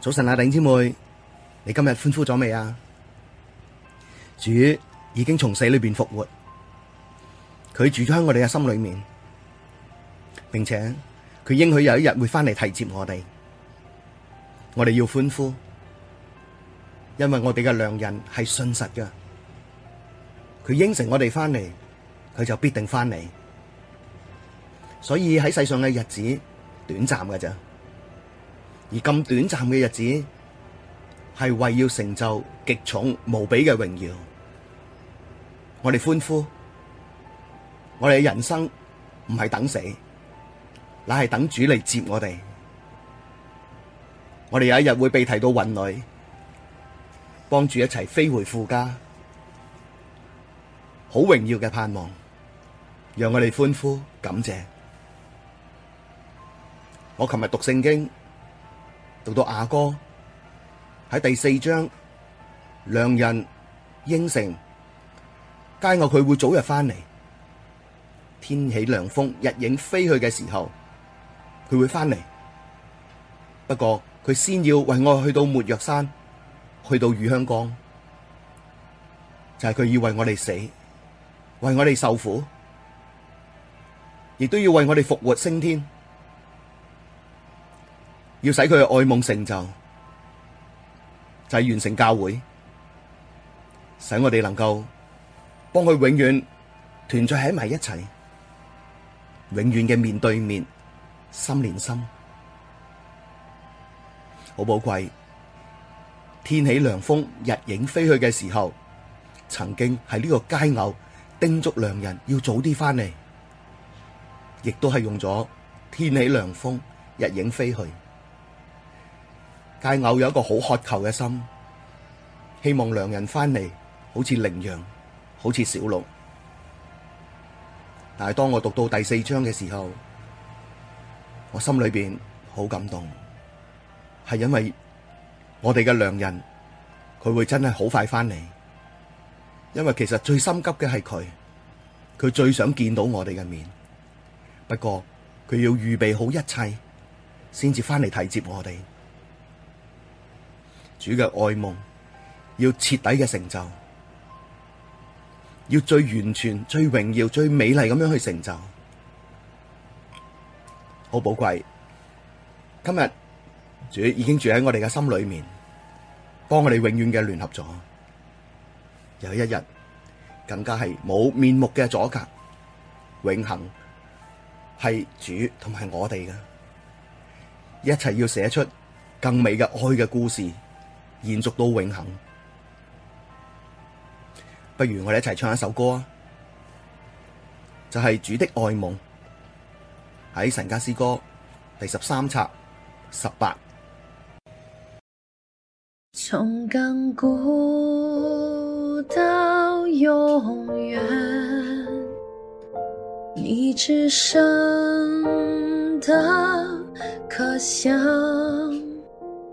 早晨啊，頂姐妹，你今日歡呼咗未啊？主已經從死裏邊復活，佢住咗喺我哋嘅心裏面，並且佢應許有一日會翻嚟提接我哋，我哋要歡呼，因為我哋嘅良人係信實嘅，佢應承我哋翻嚟，佢就必定翻嚟，所以喺世上嘅日子短暫嘅咋。而咁短暫嘅日子，係為要成就極重無比嘅榮耀，我哋歡呼。我哋嘅人生唔係等死，乃係等主嚟接我哋。我哋有一日會被提到雲裏，幫住一齊飛回父家，好榮耀嘅盼望，讓我哋歡呼感謝。我琴日讀聖經。到阿哥喺第四章，良人應承，畀我佢會早日翻嚟。天起涼風，日影飛去嘅時候，佢會翻嚟。不過佢先要為我去到沒藥山，去到乳香岡，就係佢要為我哋死，為我哋受苦，亦都要為我哋復活升天。要使佢嘅愛夢成就，就係完成教會，使我哋能夠幫佢永遠團聚喺埋一齊，永遠嘅面對面、心連心，好寶貴。天起涼風，日影飛去嘅時候，曾經係呢個佳偶叮囑良人要早啲翻嚟，亦都係用咗天起涼風，日影飛去。佳偶有一個好渴求嘅心，希望良人翻嚟，好似羚羊，好似小鹿。但係當我讀到第四章嘅時候，我心裏邊好感動，係因為我哋嘅良人，佢會真係好快翻嚟，因為其實最心急嘅係佢，佢最想見到我哋嘅面。不過佢要預備好一切，先至翻嚟提接我哋。主嘅愛夢要徹底嘅成就，要最完全、最榮耀、最美麗咁樣去成就，好寶貴。今日主已經住喺我哋嘅心裏面，幫我哋永遠嘅聯合咗。有一日更加係冇面目嘅阻隔，永恒係主同埋我哋嘅，一齊要寫出更美嘅愛嘅故事。延續到永恒，不如我哋一齊唱一首歌啊！就係、是、主的愛夢喺神家詩歌第十三冊十八，從亙古到永遠，你至深的渴想。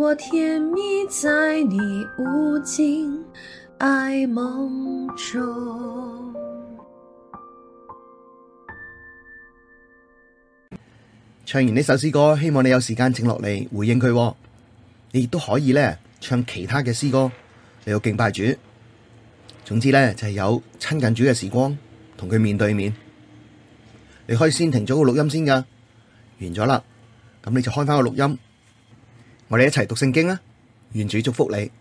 我甜蜜在你無盡愛夢中。唱完呢首詩歌，希望你有時間靜落嚟回應佢。你亦都可以咧唱其他嘅詩歌，你有敬拜主。總之咧就係、是、有親近主嘅時光，同佢面對面。你可以先停咗個錄音先噶，完咗啦，咁你就開返個錄音。我哋一齊讀聖經啊！願主祝福你。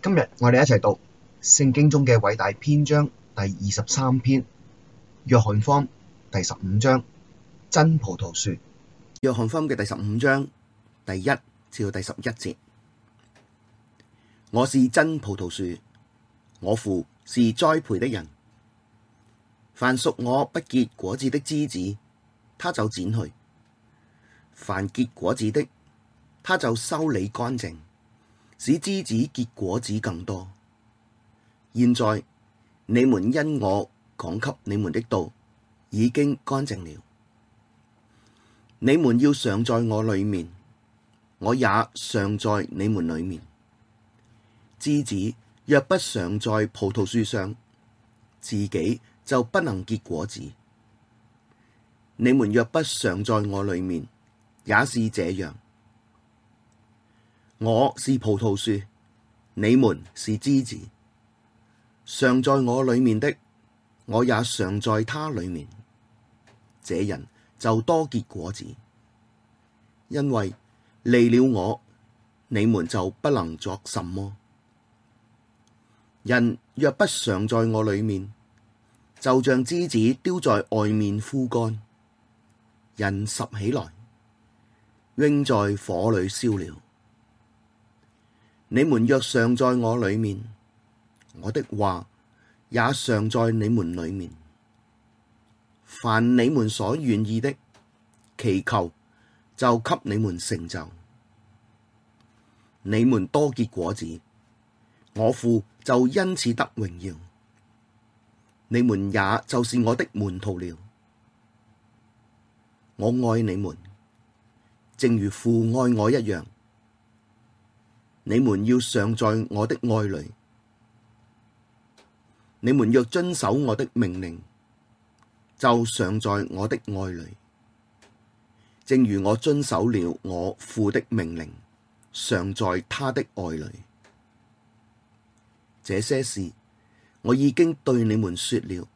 今日我哋一齊讀聖經中嘅偉大篇章第二十三篇《約翰福音》第十五章真葡萄樹。約翰福音嘅第十五章第一至第十一節：我是真葡萄樹，我父是栽培的人。凡屬我不結果子的枝子，他就剪去。凡結果子的，他就修理乾淨，使枝子結果子更多。現在你們因我講給你們的道，已經乾淨了。你們要常在我裏面，我也常在你們裏面。枝子若不常在葡萄樹上，自己就不能結果子。你們若不常在我裏面，也是這樣，我是葡萄樹，你們是枝子。常在我裏面的，我也常在他裏面。這人就多結果子，因為離了我，你們就不能作什麼。人若不常在我裏面，就像枝子丟在外面枯乾，人拾起來。扔在火裏燒了。你們若常在我裏面，我的話也常在你們裏面。凡你們所願意的，祈求就給你們成就。你們多結果子，我父就因此得榮耀。你們也就是我的門徒了。我愛你們。正如父愛我一樣，你們要常在我的愛裏；你們若遵守我的命令，就常在我的愛裏。正如我遵守了我父的命令，常在他的愛裏。這些事我已經對你們說了，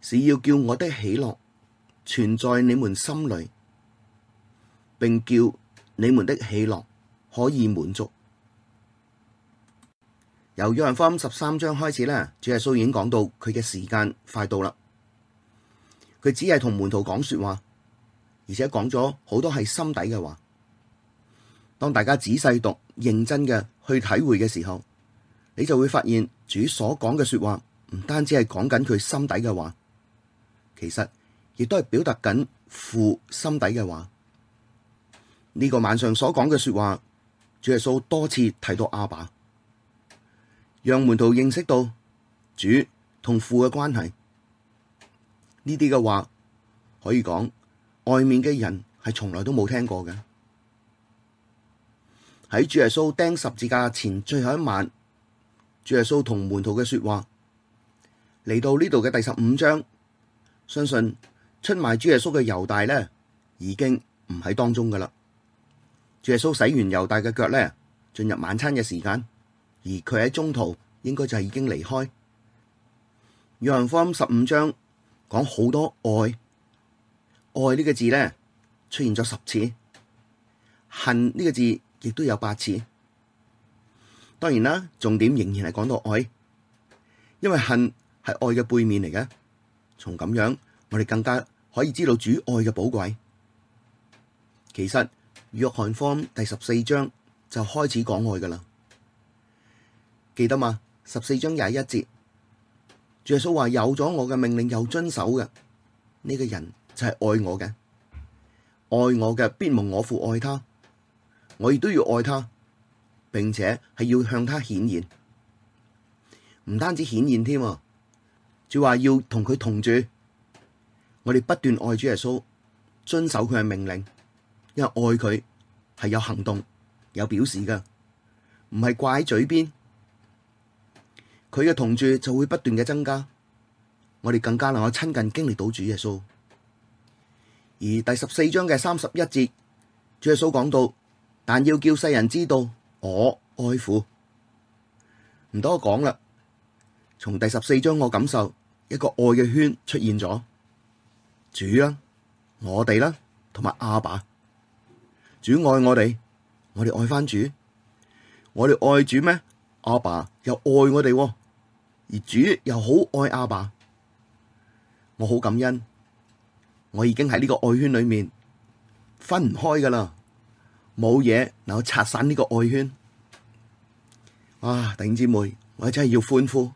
是要叫我的喜樂存在你們心裏。並叫你們的喜樂可以滿足。由約翰福音十三章開始啦，主耶穌已經講到佢嘅時間快到啦。佢只係同門徒講說話，而且講咗好多係心底嘅話。當大家仔細讀、認真嘅去體會嘅時候，你就會發現主所講嘅說話唔單止係講緊佢心底嘅話，其實亦都係表達緊父心底嘅話。呢個晚上所講嘅說話，主耶穌多次提到阿爸，讓門徒認識到主同父嘅關係。呢啲嘅話可以講，外面嘅人係從來都冇聽過嘅。喺主耶穌釘十字架前最後一晚，主耶穌同門徒嘅說話嚟到呢度嘅第十五章，相信出賣主耶穌嘅猶大咧已經唔喺當中噶啦。主耶穌洗完猶大嘅腳咧，進入晚餐嘅時間，而佢喺中途應該就係已經離開。約翰福音十五章講好多愛，愛呢個字咧出現咗十次，恨呢個字亦都有八次。當然啦，重點仍然係講到愛，因為恨係愛嘅背面嚟嘅。從咁樣，我哋更加可以知道主愛嘅寶貴。其實。約翰福音第十四章就開始講愛噶啦，記得嘛？十四章廿一節，主耶穌話：有咗我嘅命令又遵守嘅呢，這個人就係愛我嘅，愛我嘅必蒙我父愛他，我亦都要愛他，並且係要向他顯現，唔單止顯現添，啊，就話要同佢同住。我哋不斷愛主耶穌，遵守佢嘅命令。因為愛佢係有行動、有表示噶，唔係掛喺嘴邊，佢嘅同住就會不斷嘅增加，我哋更加能夠親近、經歷到主耶穌。而第十四章嘅三十一節，主耶穌講到：但要叫世人知道我愛父。唔多講啦，從第十四章我感受一個愛嘅圈出現咗，主啦、啊、我哋啦、啊，同埋阿爸。主愛我哋，我哋愛翻主，我哋愛主咩？阿爸又愛我哋，而主又好愛阿爸，我好感恩。我已經喺呢個愛圈裏面分唔開噶啦，冇嘢能夠拆散呢個愛圈。哇、啊！弟兄姊妹，我真係要歡呼！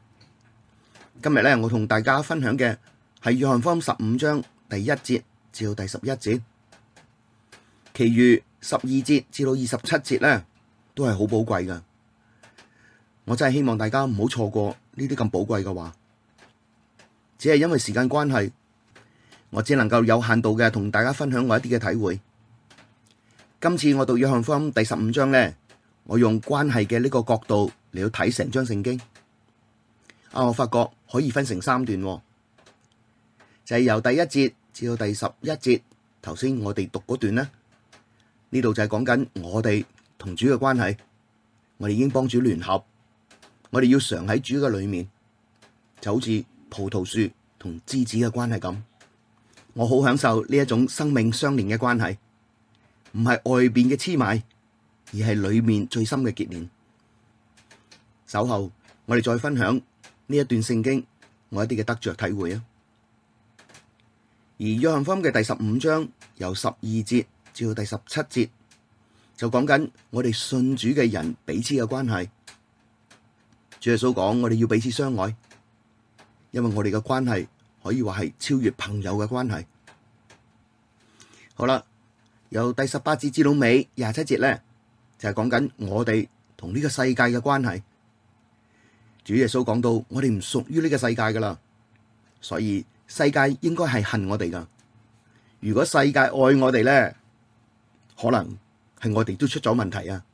今日咧，我同大家分享嘅係約翰福音十五章第一節至到第十一節，其餘。十二節至到二十七節咧，都係好寶貴噶。我真係希望大家唔好錯過呢啲咁寶貴嘅話。只係因為時間關係，我只能夠有限度嘅同大家分享我一啲嘅體會。今次我讀約翰福音第十五章咧，我用關係嘅呢個角度嚟到睇成章聖經。啊，我發覺可以分成三段，就係由第一節至到第十一節。頭先我哋讀嗰段啦。呢度就係講緊我哋同主嘅關係，我哋已經幫主聯合，我哋要常喺主嘅裡面，就好似葡萄樹同枝子嘅關係咁。我好享受呢一種生命相連嘅關係，唔係外邊嘅黐埋，而係裡面最深嘅結連。稍後我哋再分享呢一段聖經我一啲嘅得着體會啊。而約翰福音嘅第十五章由十二節，照到第十七節就講緊我哋信主嘅人彼此嘅關係。主耶穌講，我哋要彼此相愛，因為我哋嘅關係可以話係超越朋友嘅關係。好啦，由第十八節至到尾廿七節咧，就係講緊我哋同呢個世界嘅關係。主耶穌講到，我哋唔屬於呢個世界噶啦，所以世界應該係恨我哋噶。如果世界愛我哋咧，可能係我哋都出咗問題啊！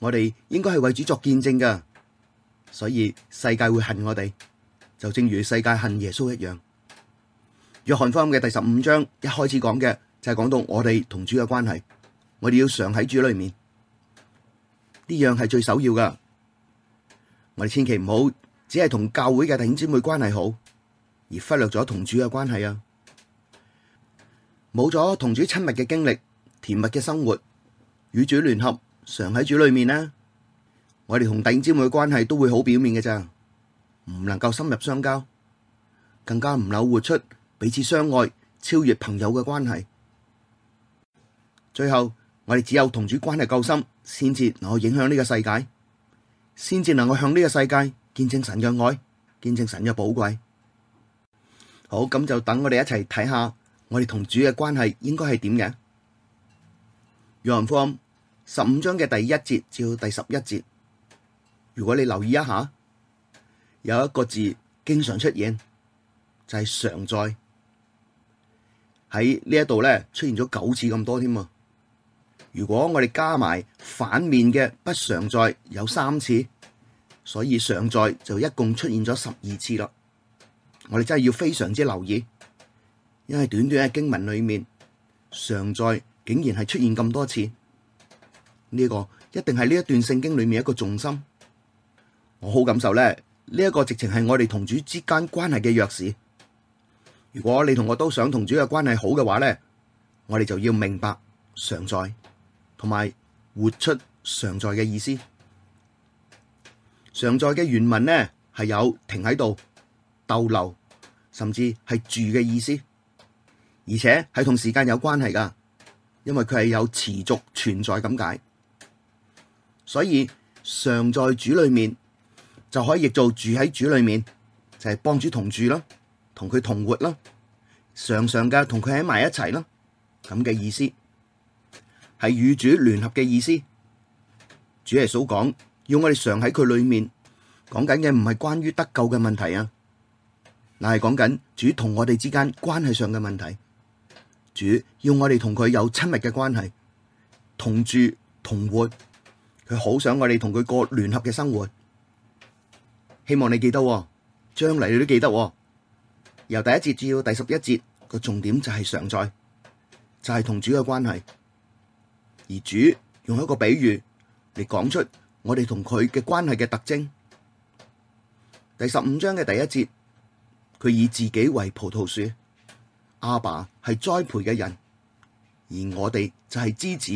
我哋應該係為主作見證噶，所以世界會恨我哋，就正如世界恨耶穌一樣。約翰福音嘅第十五章一開始講嘅就係講到我哋同主嘅關係，我哋要常喺主裏面，呢樣係最首要噶。我哋千祈唔好只係同教會嘅弟兄姊妹關係好，而忽略咗同主嘅關係啊！冇咗同主親密嘅經歷。甜蜜嘅生活與主聯合，常喺主裏面啦。我哋同弟兄姊妹嘅關係都會好表面嘅，咋，唔能夠深入相交，更加唔能夠活出彼此相愛、超越朋友嘅關係。最後，我哋只有同主關係夠深，先至能夠影響呢個世界，先至能夠向呢個世界見證神嘅愛，見證神嘅寶貴。好，咁就等我哋一齊睇下，我哋同主嘅關係應該係點嘅。約翰福音十五章嘅第一節至到第十一節，如果你留意一下，有一個字經常出現，就係常在。喺呢一度咧，出現咗九次咁多添啊！如果我哋加埋反面嘅不常在有三次，所以常在就一共出現咗十二次咯。我哋真係要非常之留意，因為短短嘅經文裏面常在。竟然係出現咁多次，呢個一定係呢一段聖經裡面一個重心。我好感受咧，呢一個直情係我哋同主之間關係嘅鑰匙。如果你同我都想同主嘅關係好嘅話咧，我哋就要明白常在同埋活出常在嘅意思。常在嘅原文咧，係有停喺度逗留，甚至係住嘅意思，而且係同時間有關係㗎。因為佢係有持續存在咁解，所以常在主裡面，就可以譯做住喺主裡面，就係幫主同住啦，同佢同活啦，常常噶同佢喺埋一齊啦，咁嘅意思係與主聯合嘅意思。主係所講要我哋常喺佢裡面，講緊嘅唔係關於得救嘅問題啊，嗱係講緊主同我哋之間關係上嘅問題。主要我哋同佢有親密嘅關係，同住同活，佢好想我哋同佢過聯合嘅生活。希望你記得，將來你都記得。由第一節至到第十一節，個重點就係常在，就係同主嘅關係。而主用一個比喻嚟講出我哋同佢嘅關係嘅特徵。第十五章嘅第一節，佢以自己為葡萄樹。阿爸係栽培嘅人，而我哋就係枝子。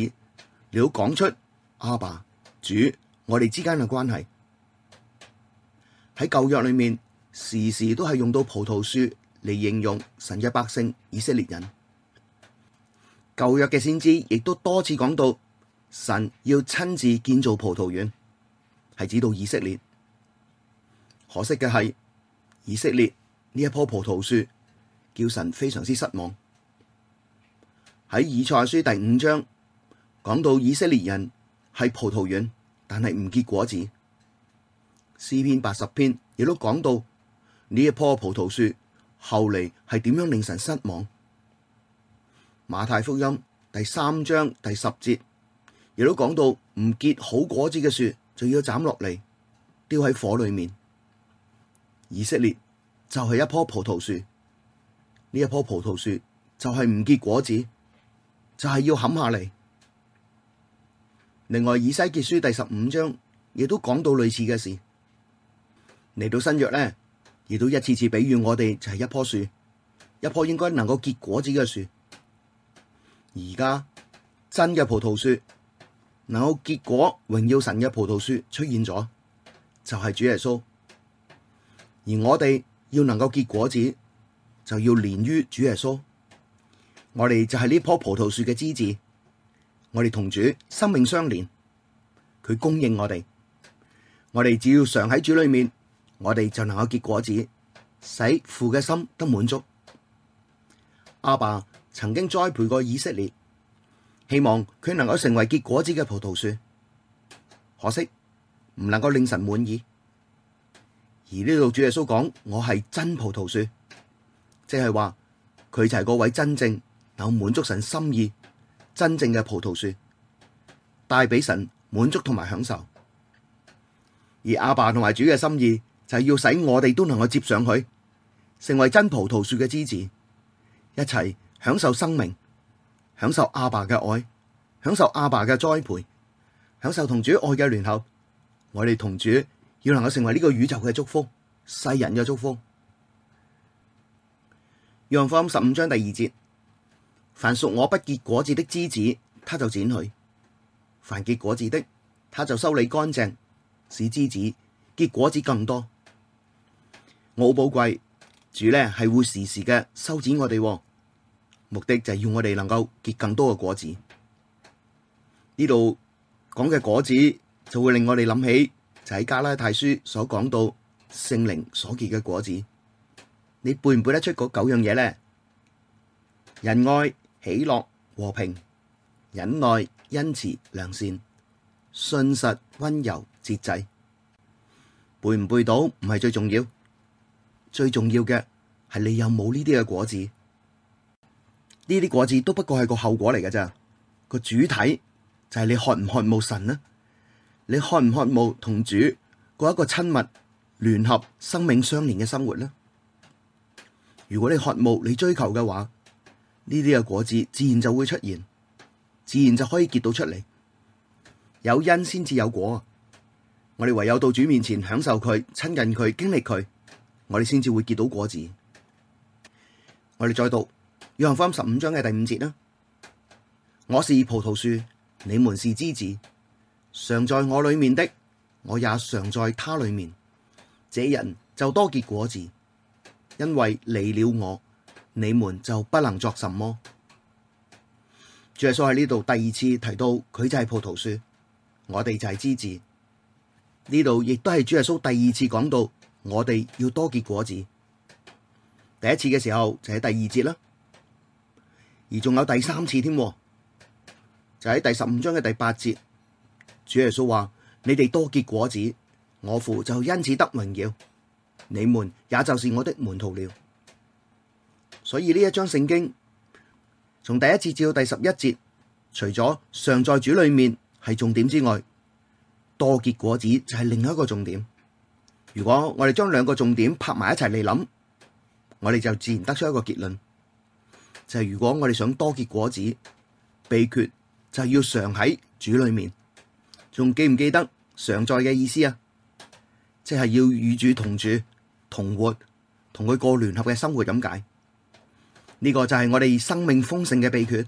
你要講出阿爸、主我哋之間嘅關係。喺舊約裏面，時時都係用到葡萄樹嚟形容神嘅百姓以色列人。舊約嘅先知亦都多次講到，神要親自建造葡萄園，係指到以色列。可惜嘅係，以色列呢一棵葡萄樹。叫神非常之失望。喺以賽書第五章講到以色列人係葡萄園，但係唔結果子。詩篇八十篇亦都講到呢一棵葡萄樹後嚟係點樣令神失望。馬太福音第三章第十節亦都講到唔結好果子嘅樹就要斬落嚟，丟喺火裏面。以色列就係一棵葡萄樹。呢一棵葡萄樹就係唔結果子，就係要冚下嚟。另外，以西結書第十五章亦都講到類似嘅事。嚟到新約呢，亦都一次次比喻我哋就係一棵樹，一棵應該能夠結果子嘅樹。而家真嘅葡萄樹能夠結果榮耀神嘅葡萄樹出現咗，就係主耶穌。而我哋要能夠結果子。就要連於主耶穌，我哋就係呢棵葡萄樹嘅枝子，我哋同主生命相連，佢供應我哋，我哋只要常喺主裏面，我哋就能夠結果子，使父嘅心得滿足。阿爸曾經栽培過以色列，希望佢能夠成為結果子嘅葡萄樹，可惜唔能夠令神滿意，而呢度主耶穌講：我係真葡萄樹。即係話佢就係嗰位真正能滿足神心意、真正嘅葡萄樹，帶俾神滿足同埋享受。而阿爸同埋主嘅心意就係要使我哋都能夠接上佢，成為真葡萄樹嘅枝子，一齊享受生命，享受阿爸嘅愛，享受阿爸嘅栽培，享受同主愛嘅聯合。我哋同主要能夠成為呢個宇宙嘅祝福，世人嘅祝福。約翰十五章第二節：凡屬我不結果子的枝子，他就剪去；凡結果子的，他就修理乾淨，使枝子結果子更多。我好寶貴，主呢係會時時嘅修剪我哋喎，目的就係要我哋能夠結更多嘅果子。呢度講嘅果子就會令我哋諗起就喺加拉太書所講到聖靈所結嘅果子。你背唔背得出嗰九樣嘢咧？仁愛、喜樂、和平、忍耐、恩慈、良善、信實、溫柔、節制。背唔背到唔係最重要，最重要嘅係你有冇呢啲嘅果子？呢啲果子都不過係個後果嚟嘅咋。個主體就係你渴唔渴慕神呢？你渴唔渴慕同主過一個親密、聯合、生命相連嘅生活呢？如果你渴慕、你追求嘅話，呢啲嘅果子自然就會出現，自然就可以結到出嚟。有因先至有果，我哋唯有到主面前享受佢、親近佢、經歷佢，我哋先至會結到果子。我哋再讀約翰福音十五章嘅第五節啦。我是葡萄樹，你們是枝子，常在我裏面的，我也常在他裏面。這人就多結果子。因為離了我，你們就不能作什麼。主耶穌喺呢度第二次提到佢就係葡萄樹，我哋就係枝子。呢度亦都係主耶穌第二次講到我哋要多結果子。第一次嘅時候就喺第二節啦，而仲有第三次添，就喺第十五章嘅第八節。主耶穌話：你哋多結果子，我父就因此得榮耀。你們也就是我的門徒了，所以呢一章聖經從第一節至到第十一節，除咗常在主裡面係重點之外，多結果子就係另一個重點。如果我哋將兩個重點拍埋一齊嚟諗，我哋就自然得出一個結論，就係如果我哋想多結果子，秘訣就係要常喺主裡面。仲記唔記得常在嘅意思啊？即係要與主同住。同活，同佢過聯合嘅生活，咁解呢個就係我哋生命豐盛嘅秘訣。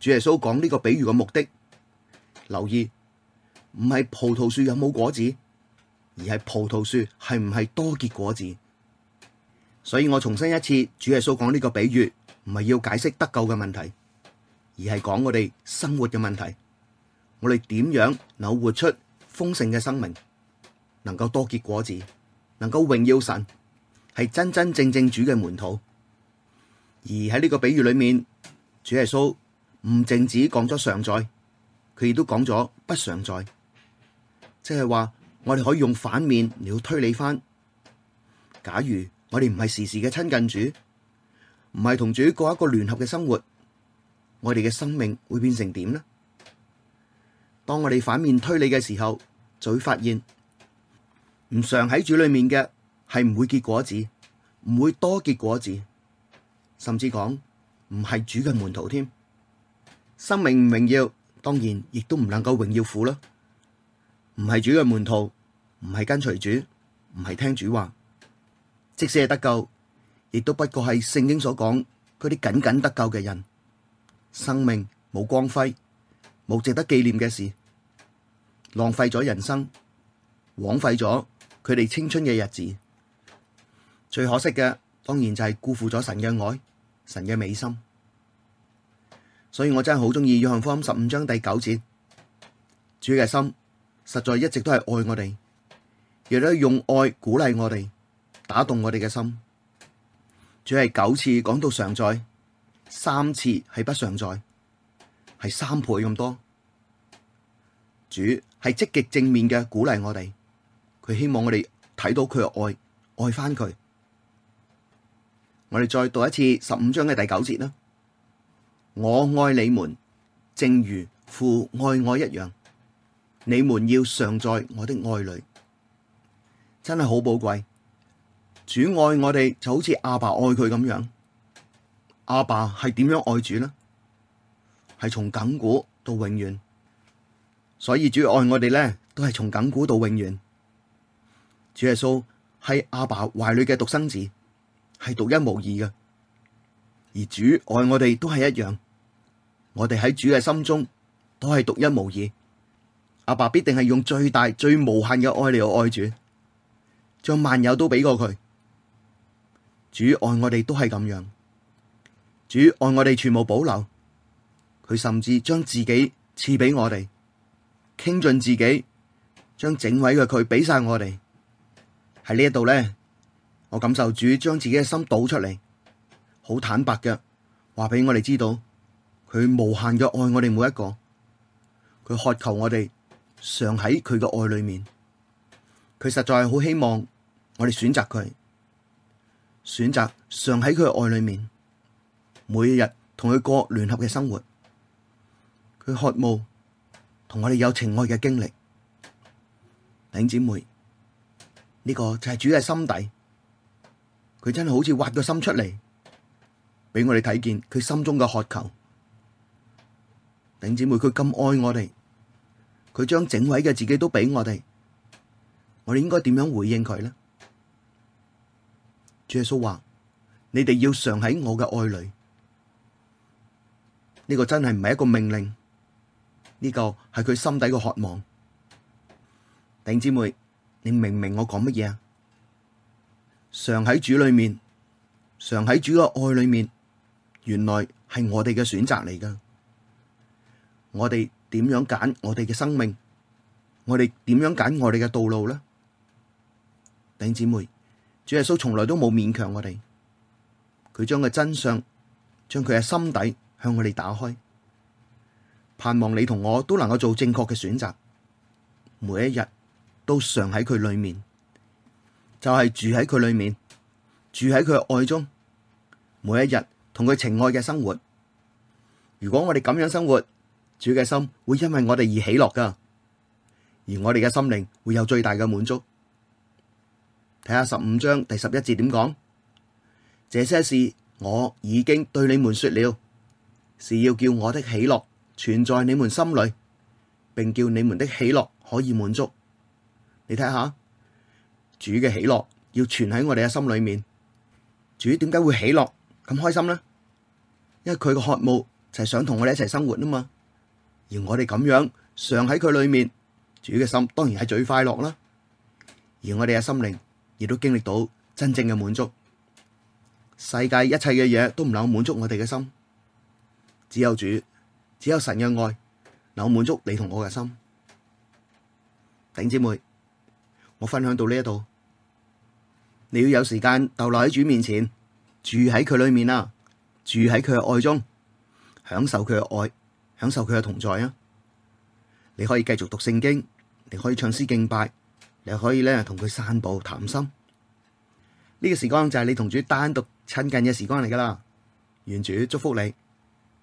主耶穌講呢個比喻嘅目的，留意唔係葡萄樹有冇果子，而係葡萄樹係唔係多結果子。所以我重申一次，主耶穌講呢個比喻，唔係要解釋得救嘅問題，而係講我哋生活嘅問題。我哋點樣能活出豐盛嘅生命，能夠多結果子？能夠榮耀神，係真真正正主嘅門徒。而喺呢個比喻裏面，主耶穌唔淨止講咗常在，佢亦都講咗不常在。即係話，我哋可以用反面嚟推理翻。假如我哋唔係時時嘅親近主，唔係同主過一個聯合嘅生活，我哋嘅生命會變成點呢？當我哋反面推理嘅時候，就會發現。唔常喺主裏面嘅，係唔會結果子，唔會多結果子，甚至講唔係主嘅門徒添。生命唔榮耀，當然亦都唔能夠榮耀父啦。唔係主嘅門徒，唔係跟隨主，唔係聽主話，即使係得救，亦都不過係聖經所講嗰啲僅僅得救嘅人，生命冇光輝，冇值得紀念嘅事，浪費咗人生，枉費咗佢哋青春嘅日子，最可惜嘅當然就係辜負咗神嘅愛，神嘅美心。所以我真係好鍾意約翰福音十五章第九節，主嘅心實在一直都係愛我哋，亦都係用愛鼓勵我哋，打動我哋嘅心。主係九次講到常在，三次係不常在，係三倍咁多。主係積極正面嘅鼓勵我哋。佢希望我哋睇到佢嘅愛，愛翻佢。我哋再讀一次十五章嘅第九節啦。我愛你們，正如父愛我一樣，你們要常在我的愛裏。真係好寶貴，主愛我哋就好似阿爸愛佢咁樣。阿爸係點樣愛主呢？係從亙古到永遠，所以主愛我哋咧，都係從亙古到永遠。主耶穌係阿爸懷裏嘅獨生子，係獨一無二嘅。而主愛我哋都係一樣，我哋喺主嘅心中都係獨一無二。阿爸必定係用最大、最無限嘅愛嚟愛主，將萬有都俾過佢。主愛我哋都係咁樣，主愛我哋全部保留，佢甚至將自己賜俾我哋，傾盡自己，將整位嘅佢俾晒我哋。喺呢一度咧，我感受主將自己嘅心倒出嚟，好坦白嘅話俾我哋知道，佢無限嘅愛我哋每一個，佢渴求我哋常喺佢嘅愛裏面，佢實在係好希望我哋選擇佢，選擇常喺佢嘅愛裏面，每一日同佢過聯合嘅生活，佢渴慕同我哋有情愛嘅經歷，弟兄姊妹。呢個就係主嘅心底，佢真係好似挖個心出嚟，俾我哋睇見佢心中嘅渴求。弟兄姊妹，佢咁愛我哋，佢將整位嘅自己都俾我哋，我哋應該點樣回應佢呢？主耶穌話：你哋要常喺我嘅愛裡。呢、這個真係唔係一個命令，呢、這個係佢心底嘅渴望。弟兄姊妹。你明唔明我講乜嘢啊？常喺主裡面，常喺主嘅愛裡面，原來係我哋嘅選擇嚟噶。我哋點樣揀我哋嘅生命？我哋點樣揀我哋嘅道路咧？弟兄姊妹，主耶穌從來都冇勉強我哋，佢將個真相，將佢嘅心底向我哋打開，盼望你同我都能夠做正確嘅選擇，每一日，都常喺佢裏面，就係住喺佢裏面，住喺佢愛中，每一日同佢情愛嘅生活。如果我哋咁樣生活，主嘅心會因為我哋而喜樂噶，而我哋嘅心靈會有最大嘅滿足。睇下十五章第十一節點講，這些事我已經對你們說了，是要叫我的喜樂存在你們心裏，並叫你們的喜樂可以滿足。你睇下，主嘅喜樂要存喺我哋嘅心裏面。主點解會喜樂咁開心呢？因為佢嘅渴慕就係想同我哋一齊生活啊嘛。而我哋咁樣常喺佢裏面，主嘅心當然係最快樂啦。而我哋嘅心靈亦都經歷到真正嘅滿足。世界一切嘅嘢都唔能夠滿足我哋嘅心，只有主，只有神嘅愛能滿足你同我嘅心。頂姐妹。我分享到呢一度，你要有時間逗留喺主面前，住喺佢裡面啊，住喺佢嘅愛中，享受佢嘅愛，享受佢嘅同在啊！你可以繼續讀聖經，你可以唱詩敬拜，你可以咧同佢散步談心。呢個時光就係你同主單獨親近嘅時光嚟噶啦。願主祝福你。